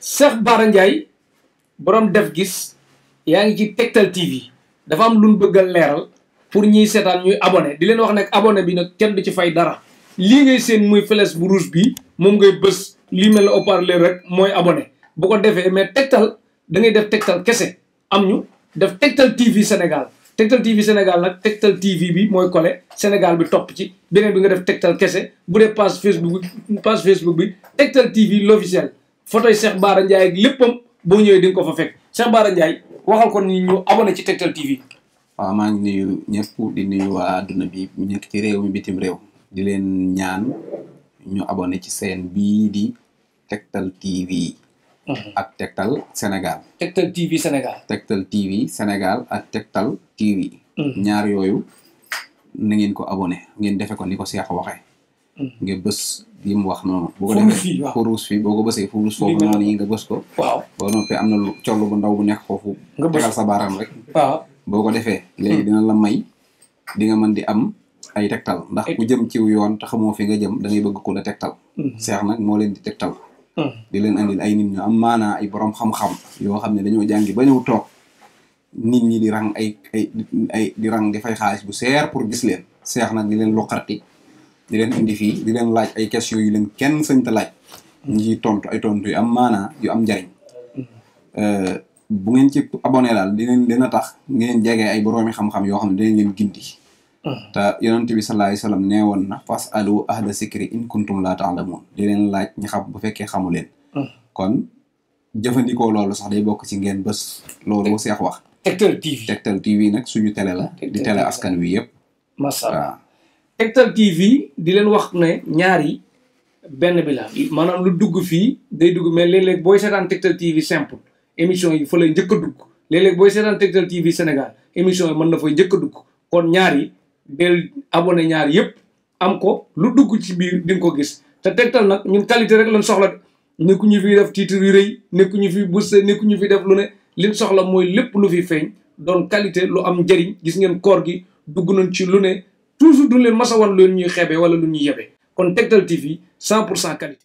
Cheikh Bara Ndiaye borom def gis yaa ngi ci Tektal TV dafa am lu ñu bëgg a leeral pour ñiy seetaan ñuy abonné di leen wax nag abonné bi nag kenn du ci fay dara lii ngay seen muy flèche bu ruus bi moom ngay bës lii mel ne haut-parleur rek mooy abonné bu ko defee mais Tektal dangay def Tektal kese am ñu def Tektal TV Sénégal Tektal TV Sénégal nag Tektal TV bi mooy collé Sénégal bi topp ci beneen bi nga def Tektal kese bu dee page Facebook bi page Facebook bi Tektal TV l'officiel fotoy Cheikh Bara Ndiaye ak léppam boo ñëwee ko fa fekk Cheikh Bara Ndiaye waxal ko ñu abonné ci Tektal TV. waaw maa di nuyu bi mu nekk ci réew mi réew di leen ñaan ñu abone ci seen bii di Tektal TV mhm. ak Tektal Sénégal Tektal TV Sénégal Tektal TV Sénégal ak Tektal TV mhm. ñaar yooyu na ngeen ko abonné ngeen defe ko ni ko Cheikh waxee mhm. nga bi mu wax noonu. boo ko defee xuruus fii boo ko bësee xuruus foofu noonu yi nga bës ko. waaw boo noppee am na lu collu bu ndaw bu nekk foofu. nga bës sa baaraam rek. waaw boo ko defee. Hmm. léegi dina la may di nga mën di am ay tegtal ndax ku jëm ciw yoon te xamoo fi nga jëm da ngay bëgg ku la tegtal. Hmm. seex nag moo leen di tegtal. Hmm. di leen andil ay nit ñu am maanaa ay boroom xam-xam yoo xam ne dañoo jàngi ba ñëw toog nit ñi di rang ay ay ay di rang fay xaalis bu seer pour gis leen. seex na di leen loqarti di leen indi fii di leen laaj ay questions yu leen kenn sañ ta laaj ñu tontu ay tontu yu am maanaa yu am njariñ mm-hmm. uh, bu ngeen ci abonné daal di leen a tax ngeen jege ay boroomi xam-xam yoo xam ne dinañ leen gindi mm-hmm. te yonent bi sallallahu alayhi wasallam nee woon na fas alu ahla sikri in kuntum la ta'lamun di leen laaj ñi xam bu fekkee xamu leen mm-hmm. kon jëfandikoo loolu sax day bokk ci ngeen bés loolu seex wax Tektal TV Tektal TV nag suñu télé la di télé askan wi yëpp waaw Tektal TV di leen wax ne ñaari benn bi la maanaam lu dugg fii day dugg mais léeg-léeg booy seetaan Tektal TV simple émission yi fa lay njëkk a dugg léeg booy seetaan Tektal TV Sénégal émission yi mën na fay njëkk a dugg kon ñaar yi del abonné ñaar yëpp am ko lu dugg ci biir di ko gis te Tektal nag ñun qualité rek lañ soxla nekku ñu fi def tiit yu rëy nekku ñu fi bourse nekku ñu fi def lu ne liñ soxla mooy lépp lu fi feeñ doon qualité lu am njëriñ gis ngeen koor gi dugg nañ ci lu ne toujours duñ leen mas a wan lu ñuy xeebee wala lu ñuy yebee kon Tektal TV 100 pour cent qualité